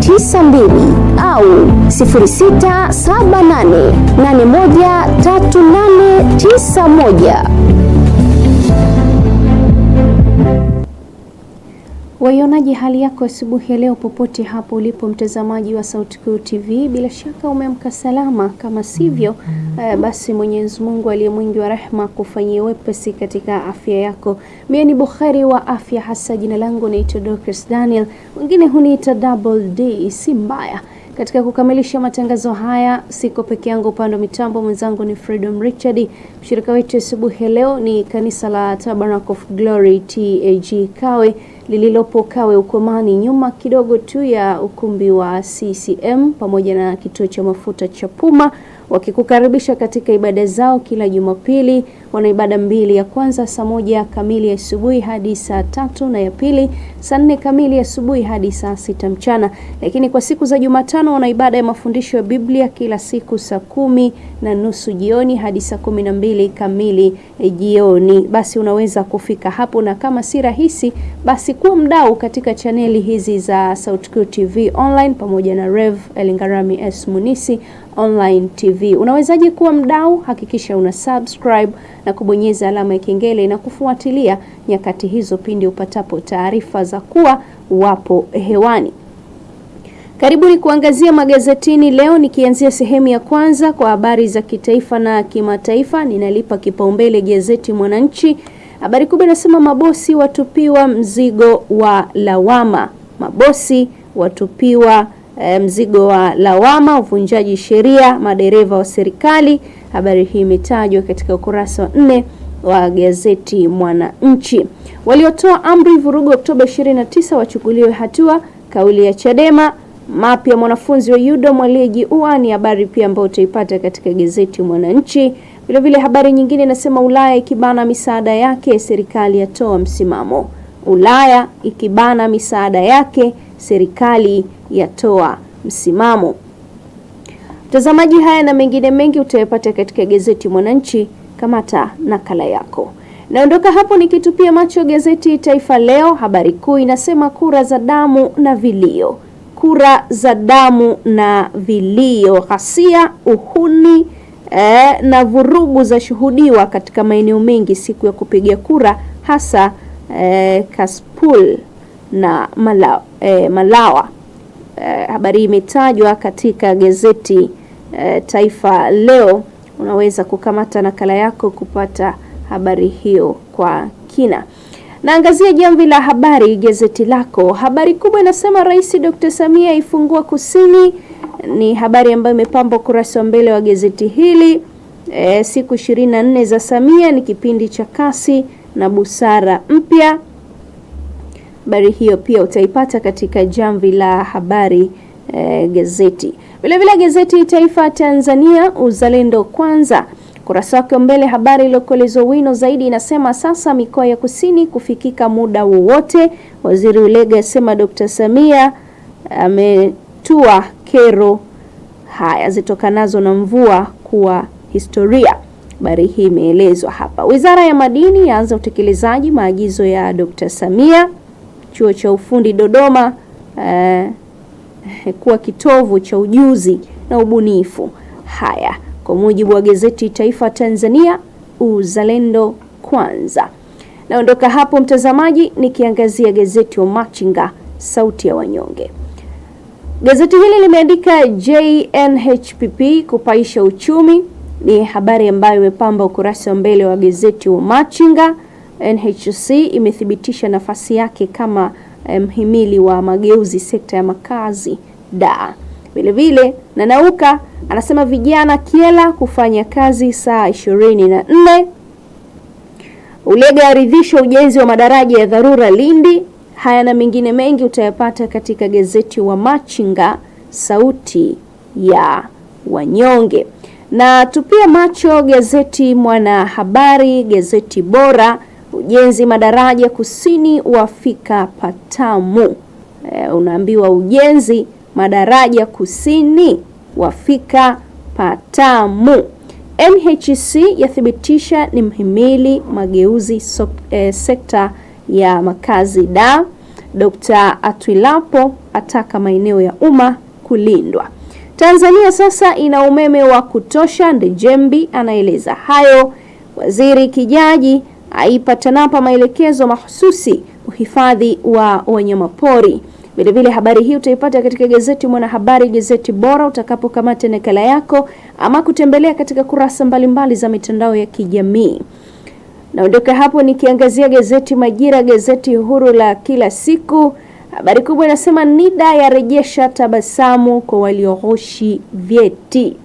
92 au 0678813891. Waionaji hali yako asubuhi ya leo, popote hapo ulipo mtazamaji wa Sauti Kuu TV, bila shaka umeamka salama. Kama sivyo, uh, basi Mwenyezi Mungu aliye mwingi wa rehema kufanyia wepesi katika afya yako. Mimi ni Bukhari wa afya hasa, jina langu naitwa Dorcas Daniel, wengine huniita Double D, si mbaya. Katika kukamilisha matangazo haya siko peke yangu, upande wa mitambo mwenzangu ni Freedom Richard. Mshirika wetu asubuhi ya leo ni kanisa la Tabernacle of Glory TAG Kawe lililopo Kawe Ukomani, nyuma kidogo tu ya ukumbi wa CCM pamoja na kituo cha mafuta cha Puma, wakikukaribisha katika ibada zao kila Jumapili na ibada mbili, ya kwanza saa moja kamili asubuhi hadi saa tatu na ya pili saa nne kamili asubuhi hadi saa sita mchana. Lakini kwa siku za Jumatano wana ibada ya mafundisho ya Biblia kila siku saa kumi na nusu jioni hadi saa kumi na mbili kamili eh, jioni. Basi unaweza kufika hapo, na kama si rahisi, basi kuwa mdau katika chaneli hizi za Sautikuu TV online pamoja na Rev Elingarami S Munisi online TV. Unawezaje kuwa mdau? Hakikisha una subscribe na kubonyeza alama ya kengele na kufuatilia nyakati hizo pindi upatapo taarifa za kuwa wapo hewani. Karibuni kuangazia magazetini leo, nikianzia sehemu ya kwanza kwa habari za kitaifa na kimataifa. Ninalipa kipaumbele gazeti Mwananchi. Habari kubwa inasema mabosi watupiwa mzigo wa lawama, mabosi watupiwa e, mzigo wa lawama, uvunjaji sheria, madereva wa serikali. Habari hii imetajwa katika ukurasa wa nne wa gazeti Mwananchi. Waliotoa amri vurugu Oktoba 29 wachukuliwe hatua, kauli ya Chadema. Mapya mwanafunzi wa UDOM aliyejiua ni habari pia ambayo utaipata katika gazeti Mwananchi. Vilevile habari nyingine inasema Ulaya ikibana misaada yake, serikali yatoa msimamo. Ulaya ikibana misaada yake, serikali yatoa msimamo. Mtazamaji, haya na mengine mengi utayapata katika gazeti Mwananchi, kamata nakala yako. Naondoka hapo nikitupia macho gazeti Taifa Leo, habari kuu inasema kura za damu na vilio, kura za damu na vilio, ghasia, uhuni eh, na vurugu za shuhudiwa katika maeneo mengi siku ya kupiga kura, hasa eh, Kaspul na mala, eh, Malawa. Eh, habari hii imetajwa katika gazeti eh, Taifa Leo. Unaweza kukamata nakala yako kupata habari hiyo kwa kina. Naangazia jamvi la habari gazeti lako. Habari kubwa inasema Rais Dr. Samia aifungua kusini, ni habari ambayo imepamba ukurasa wa mbele wa gazeti hili. E, siku 24 za Samia ni kipindi cha kasi na busara mpya habari hiyo pia utaipata katika jamvi la habari eh, gazeti vilevile gazeti Taifa Tanzania Uzalendo Kwanza kurasa wake mbele, habari iliyokolezwa wino zaidi inasema sasa mikoa ya kusini kufikika muda wowote. Waziri Ulega asema Dr. Samia ametua kero haya zitokanazo na mvua kuwa historia. Habari hii imeelezwa hapa. Wizara ya madini yaanza utekelezaji maagizo ya Dr. Samia chuo cha ufundi Dodoma eh, kuwa kitovu cha ujuzi na ubunifu. Haya kwa mujibu wa gazeti Taifa Tanzania, uzalendo kwanza. Naondoka hapo mtazamaji, nikiangazia gazeti wa Machinga, sauti ya wanyonge. Gazeti hili limeandika JNHPP kupaisha uchumi, ni habari ambayo imepamba ukurasa wa mbele wa gazeti wa Machinga. NHC imethibitisha nafasi yake kama eh, mhimili wa mageuzi sekta ya makazi da. Vilevile Nanauka anasema vijana kiela kufanya kazi saa ishirini na nne. Ulega aridhisha ujenzi wa madaraja ya dharura Lindi. Haya na mengine mengi utayapata katika gazeti wa Machinga, sauti ya wanyonge. Na tupia macho gazeti Mwanahabari, gazeti bora ujenzi madaraja kusini wafika patamu. E, unaambiwa ujenzi madaraja kusini wafika patamu. NHC yathibitisha ni mhimili mageuzi so, e, eh, sekta ya makazi da. Dr. Atwilapo ataka maeneo ya umma kulindwa. Tanzania sasa ina umeme wa kutosha, Ndejembi anaeleza hayo. Waziri Kijaji aipa TANAPA maelekezo mahususi uhifadhi wa wanyamapori. Vilevile habari hii utaipata katika gazeti Mwanahabari, gazeti bora, utakapokamata nakala yako ama kutembelea katika kurasa mbalimbali mbali za mitandao ya kijamii. Naondoka hapo nikiangazia gazeti Majira, gazeti huru la kila siku. Habari kubwa inasema NIDA yarejesha tabasamu kwa walioghoshi vyeti.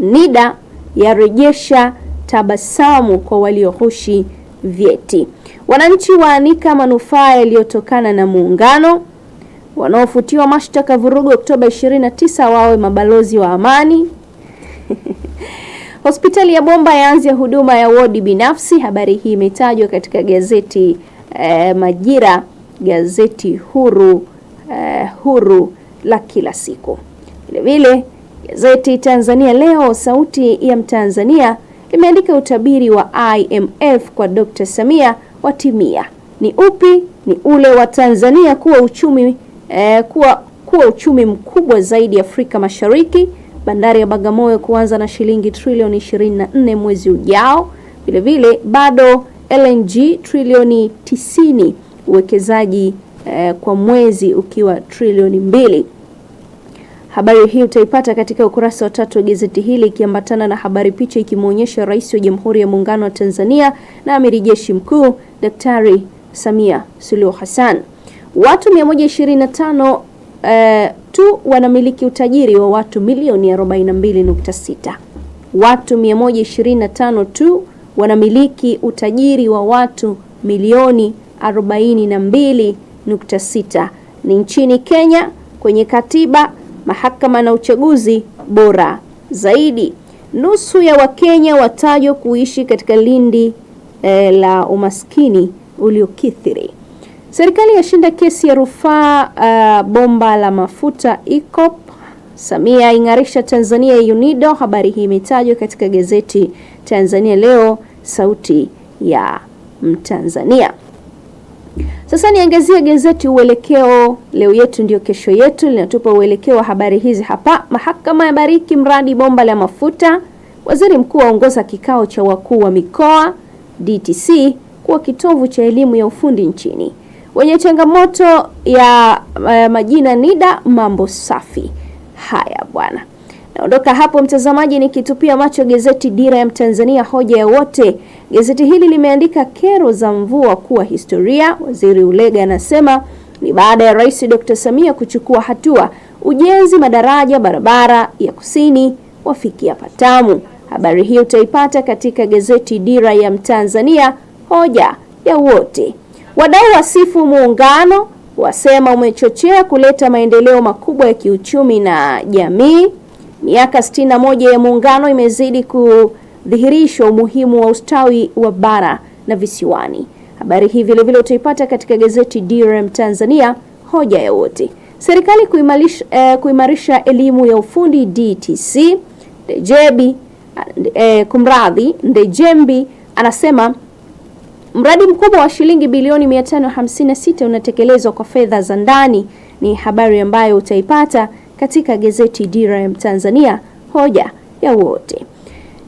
NIDA yarejesha tabasamu kwa waliohushi vyeti. Wananchi waanika manufaa yaliyotokana na muungano. Wanaofutiwa mashtaka vurugu Oktoba 29 wawe mabalozi wa amani. Hospitali ya Bomba yaanze huduma ya wodi binafsi. Habari hii imetajwa katika gazeti eh, Majira, gazeti huru eh, huru la kila siku. Vilevile gazeti Tanzania Leo, sauti ya Mtanzania limeandika utabiri wa IMF kwa Dr. Samia watimia. Ni upi? Ni ule wa Tanzania kuwa uchumi, eh, kuwa, kuwa uchumi mkubwa zaidi Afrika Mashariki, bandari ya Bagamoyo kuanza na shilingi trilioni 24 mwezi ujao. Vilevile bado LNG trilioni 90, uwekezaji eh, kwa mwezi ukiwa trilioni mbili. Habari hii utaipata katika ukurasa wa tatu wa gazeti hili ikiambatana na habari picha ikimwonyesha Rais wa Jamhuri ya Muungano wa Tanzania na Amiri Jeshi Mkuu Daktari Samia Suluhu Hassan. Watu 125 eh, tu wanamiliki utajiri wa watu milioni 42.6. Watu 125 tu wanamiliki utajiri wa watu milioni 42.6. Ni nchini Kenya kwenye katiba mahakama na uchaguzi bora zaidi. Nusu ya Wakenya watajwa kuishi katika lindi eh, la umaskini uliokithiri. Serikali yashinda kesi ya rufaa uh, bomba la mafuta EACOP. Samia ing'arisha Tanzania UNIDO. Habari hii imetajwa katika gazeti Tanzania Leo, sauti ya Mtanzania. Sasa niangazie gazeti Uelekeo, leo yetu ndio kesho yetu, linatupa uelekeo wa habari hizi hapa. Mahakama ya bariki mradi bomba la mafuta, waziri mkuu aongoza kikao cha wakuu wa mikoa, DTC kuwa kitovu cha elimu ya ufundi nchini, wenye changamoto ya uh, majina NIDA mambo safi. Haya bwana. Naondoka hapo mtazamaji, nikitupia macho gazeti Dira ya Mtanzania, hoja ya wote. Gazeti hili limeandika kero za mvua kuwa historia. Waziri Ulega anasema ni baada ya Rais Dr. Samia kuchukua hatua, ujenzi madaraja barabara ya kusini wafikia patamu. Habari hii utaipata katika gazeti Dira ya Mtanzania, hoja ya wote. Wadau wasifu muungano, wasema umechochea kuleta maendeleo makubwa ya kiuchumi na jamii. Miaka 61 ya muungano imezidi kudhihirisha umuhimu wa ustawi wa bara na visiwani. Habari hii vilevile utaipata katika gazeti DRM Tanzania, hoja ya wote. Serikali kuimarisha, eh, kuimarisha elimu ya ufundi DTC. Ndejebi eh, kumradhi, Ndejembi anasema mradi mkubwa wa shilingi bilioni 556 unatekelezwa kwa fedha za ndani. Ni habari ambayo utaipata katika gazeti Dira ya Mtanzania, hoja ya wote.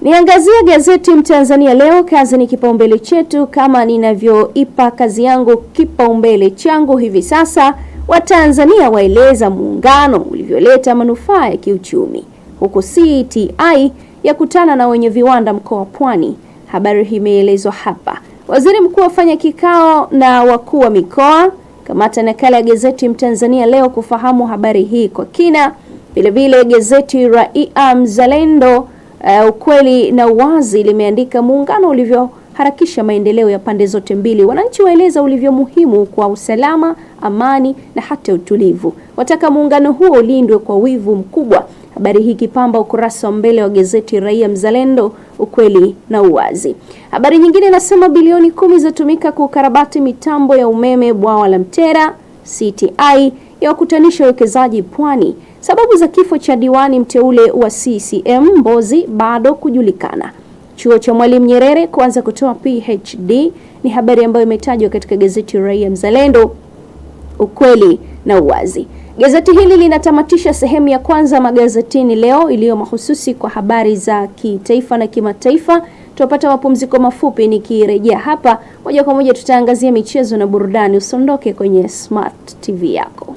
Niangazia gazeti Mtanzania leo, kazi ni kipaumbele chetu. Kama ninavyoipa kazi yangu kipaumbele changu hivi sasa, Watanzania waeleza muungano ulivyoleta manufaa ya kiuchumi, huku CTI yakutana na wenye viwanda mkoa wa Pwani. Habari hii imeelezwa hapa. Waziri mkuu afanya kikao na wakuu wa mikoa Kamata nakala ya gazeti Mtanzania leo kufahamu habari hii kwa kina. Vilevile gazeti Raia Mzalendo uh, ukweli na uwazi limeandika muungano ulivyoharakisha maendeleo ya pande zote mbili. Wananchi waeleza ulivyo muhimu kwa usalama, amani na hata utulivu. Wataka muungano huo ulindwe kwa wivu mkubwa. Habari hii ikipamba ukurasa wa mbele wa gazeti Raia Mzalendo, ukweli na uwazi. Habari nyingine inasema bilioni kumi zatumika kukarabati mitambo ya umeme bwawa la Mtera. CTI yawakutanisha wawekezaji Pwani. Sababu za kifo cha diwani mteule wa CCM Mbozi bado kujulikana. Chuo cha Mwalimu Nyerere kuanza kutoa PhD ni habari ambayo imetajwa katika gazeti Raia Mzalendo, ukweli na uwazi. Gazeti hili linatamatisha sehemu ya kwanza magazetini leo iliyo mahususi kwa habari za kitaifa na kimataifa. Tupata mapumziko mafupi, nikirejea hapa moja kwa moja tutaangazia michezo na burudani. Usiondoke kwenye Smart TV yako.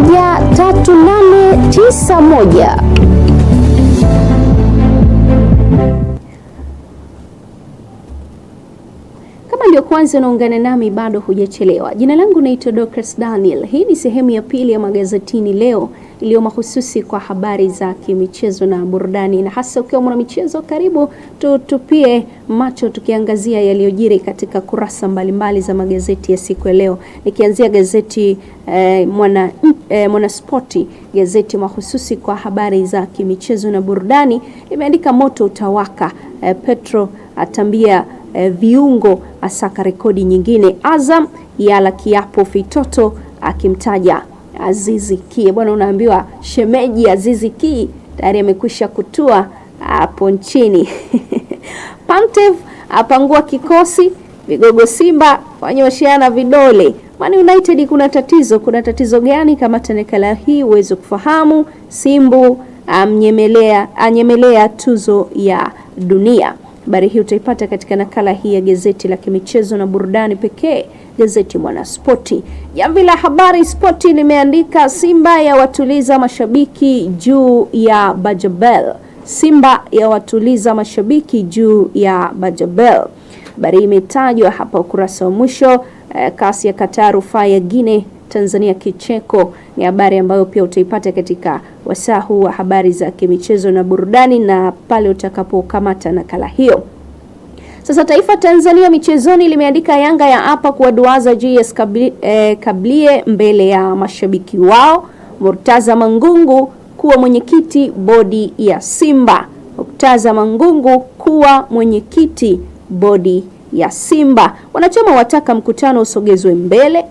moja tatu nane tisa moja. Kama ndio kwanza unaungana nami, bado hujachelewa. Jina langu naitwa Dorcas Daniel. Hii ni sehemu ya pili ya magazetini leo iliyo mahususi kwa habari za kimichezo na burudani, na hasa ukiwa michezo karibu tutupie macho tukiangazia yaliyojiri katika kurasa mbalimbali mbali za magazeti ya siku ya leo, nikianzia gazeti eh, Mwana e, Mwanaspoti, gazeti mahususi kwa habari za kimichezo na burudani, imeandika moto utawaka, e, Petro atambia e, viungo asaka rekodi nyingine, Azam yala kiapo fitoto akimtaja Azizi Ki. Bwana, unaambiwa shemeji Azizi Ki tayari amekwisha kutua hapo nchini Pantev apangua kikosi, vigogo Simba wanyoshiana vidole, Man United kuna tatizo. Kuna tatizo gani? Kama tenekala hii uweze kufahamu. Simbu amnyemelea anyemelea tuzo ya dunia. Habari hii utaipata katika nakala hii ya gazeti la kimichezo na burudani pekee, gazeti Mwanaspoti. Jamvi la habari spoti limeandika Simba ya watuliza mashabiki juu ya Bajabel. Simba ya watuliza mashabiki juu ya Bajabel. Habari imetajwa hapa ukurasa wa mwisho. Eh, kasi ya kataa rufaa ya Gine Tanzania kicheko ni habari ambayo pia utaipata katika wasaa huu wa habari za kimichezo na burudani, na pale utakapokamata nakala hiyo. Sasa Taifa Tanzania michezoni limeandika Yanga ya apa kuwaduaza GS kabli, eh, Kablie mbele ya mashabiki wao. Murtaza Mangungu kuwa mwenyekiti bodi ya Simba. Murtaza Mangungu kuwa mwenyekiti bodi ya Simba. Wanachama wataka mkutano usogezwe mbele.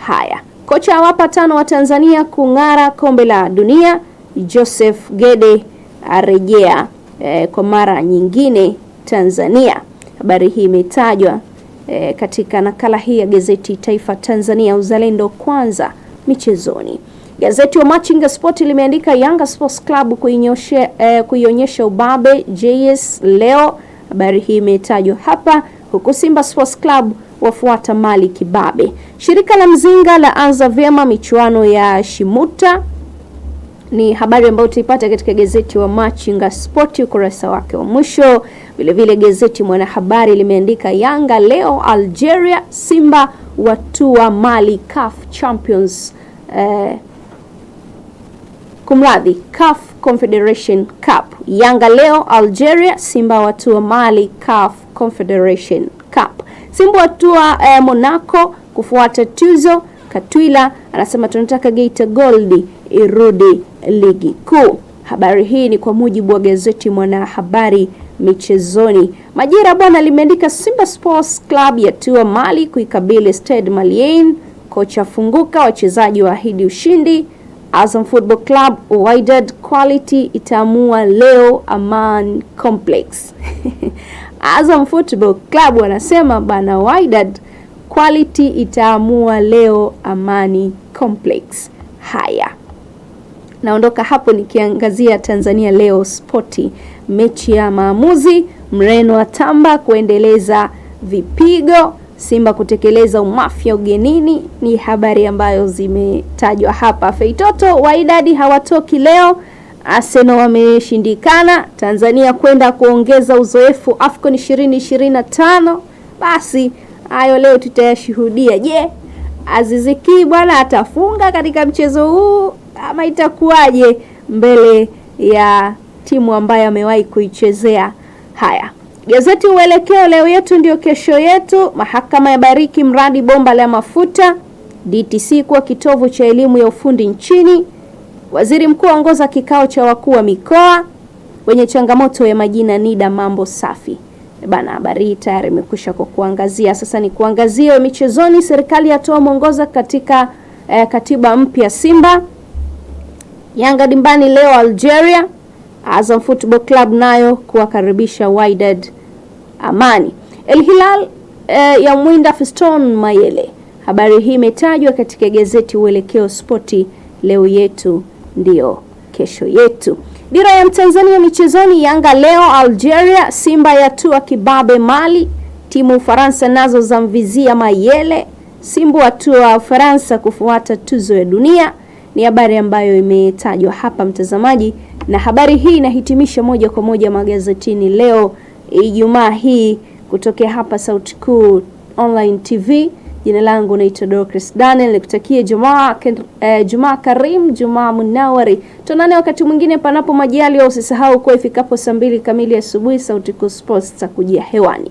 Haya, kocha awapa tano wa Tanzania kung'ara kombe la dunia. Joseph Gede arejea eh, kwa mara nyingine Tanzania. Habari hii imetajwa eh, katika nakala hii ya gazeti Taifa Tanzania, uzalendo kwanza. Michezoni, gazeti wa Machinga Sport limeandika Yanga Sports Club eh, kuionyesha eh, ubabe JS leo Habari hii imetajwa hapa, huku Simba Sports Club wafuata Mali kibabe. Shirika la Mzinga la anza vyema michuano ya Shimuta ni habari ambayo utaipata katika gazeti wa Machinga Sport ukurasa wake wa mwisho. Vilevile gazeti Mwanahabari limeandika Yanga leo Algeria, Simba watua Mali CAF Champions eh, kumradhi CAF Confederation Cup. Yanga leo Algeria, Simba watua Mali CAF Confederation Cup. Simba watua eh, Monaco kufuata tuzo. Katwila anasema tunataka Geita Gold irudi ligi kuu. Habari hii ni kwa mujibu wa gazeti Mwanahabari Michezoni. Majira bwana limeandika Simba Sports Club yatua Mali kuikabili Stade Malien, kocha funguka, wachezaji waahidi ushindi Azam Football Club Wydad Quality itaamua leo Aman Complex. Azam Football Club wanasema bana, Wydad Quality itaamua leo Amani Complex. Haya, naondoka hapo nikiangazia Tanzania Leo Spoti, mechi ya maamuzi, Mreno atamba kuendeleza vipigo Simba kutekeleza umafia ugenini ni habari ambayo zimetajwa hapa. Feitoto idadi hawatoki leo, Arsenal wameshindikana, Tanzania kwenda kuongeza uzoefu Afcon 2025 basi hayo leo tutayashuhudia. Je, yeah. Aziziki bwana atafunga katika mchezo huu ama itakuwaje mbele ya timu ambayo amewahi kuichezea? Haya. Gazeti Uelekeo, leo yetu ndio kesho yetu. Mahakama yabariki mradi bomba la mafuta. DTC kuwa kitovu cha elimu ya ufundi nchini. Waziri mkuu aongoza kikao cha wakuu wa mikoa wenye changamoto ya majina NIDA. Mambo safi eh, bana, habari hii tayari imekwisha kwa kuangazia. Sasa ni kuangazia michezoni. Serikali yatoa mwongoza katika eh, katiba mpya. Simba Yanga dimbani leo Algeria. Azam Football Club nayo kuwakaribisha Wydad Amani. El Hilal eh, ya mwinda Fiston Mayele. Habari hii imetajwa katika gazeti Uelekeo Spoti, leo yetu ndiyo kesho yetu. Dira ya Mtanzania michezoni, Yanga leo Algeria, Simba ya tua kibabe Mali, timu Ufaransa nazo zamvizia Mayele, Simba watua Ufaransa kufuata tuzo ya dunia ni habari ambayo imetajwa hapa mtazamaji, na habari hii inahitimisha moja kwa moja magazetini leo Ijumaa hii kutokea hapa Sauti Kuu Online TV. Jina langu naitwa Dorcas Daniel, nikutakie Jumaa eh, Jumaa Karim, Jumaa Munawari. Tuonane wakati mwingine panapo majali, au usisahau kuwa ifikapo saa mbili kamili asubuhi Sauti Kuu Sports takujia hewani.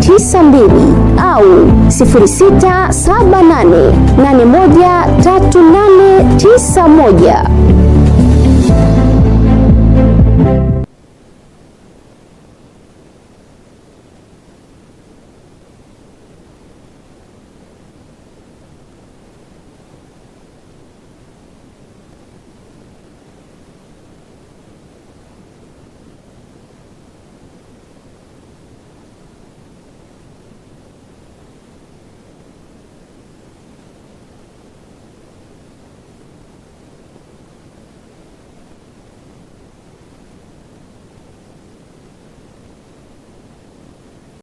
92 au 0678813891.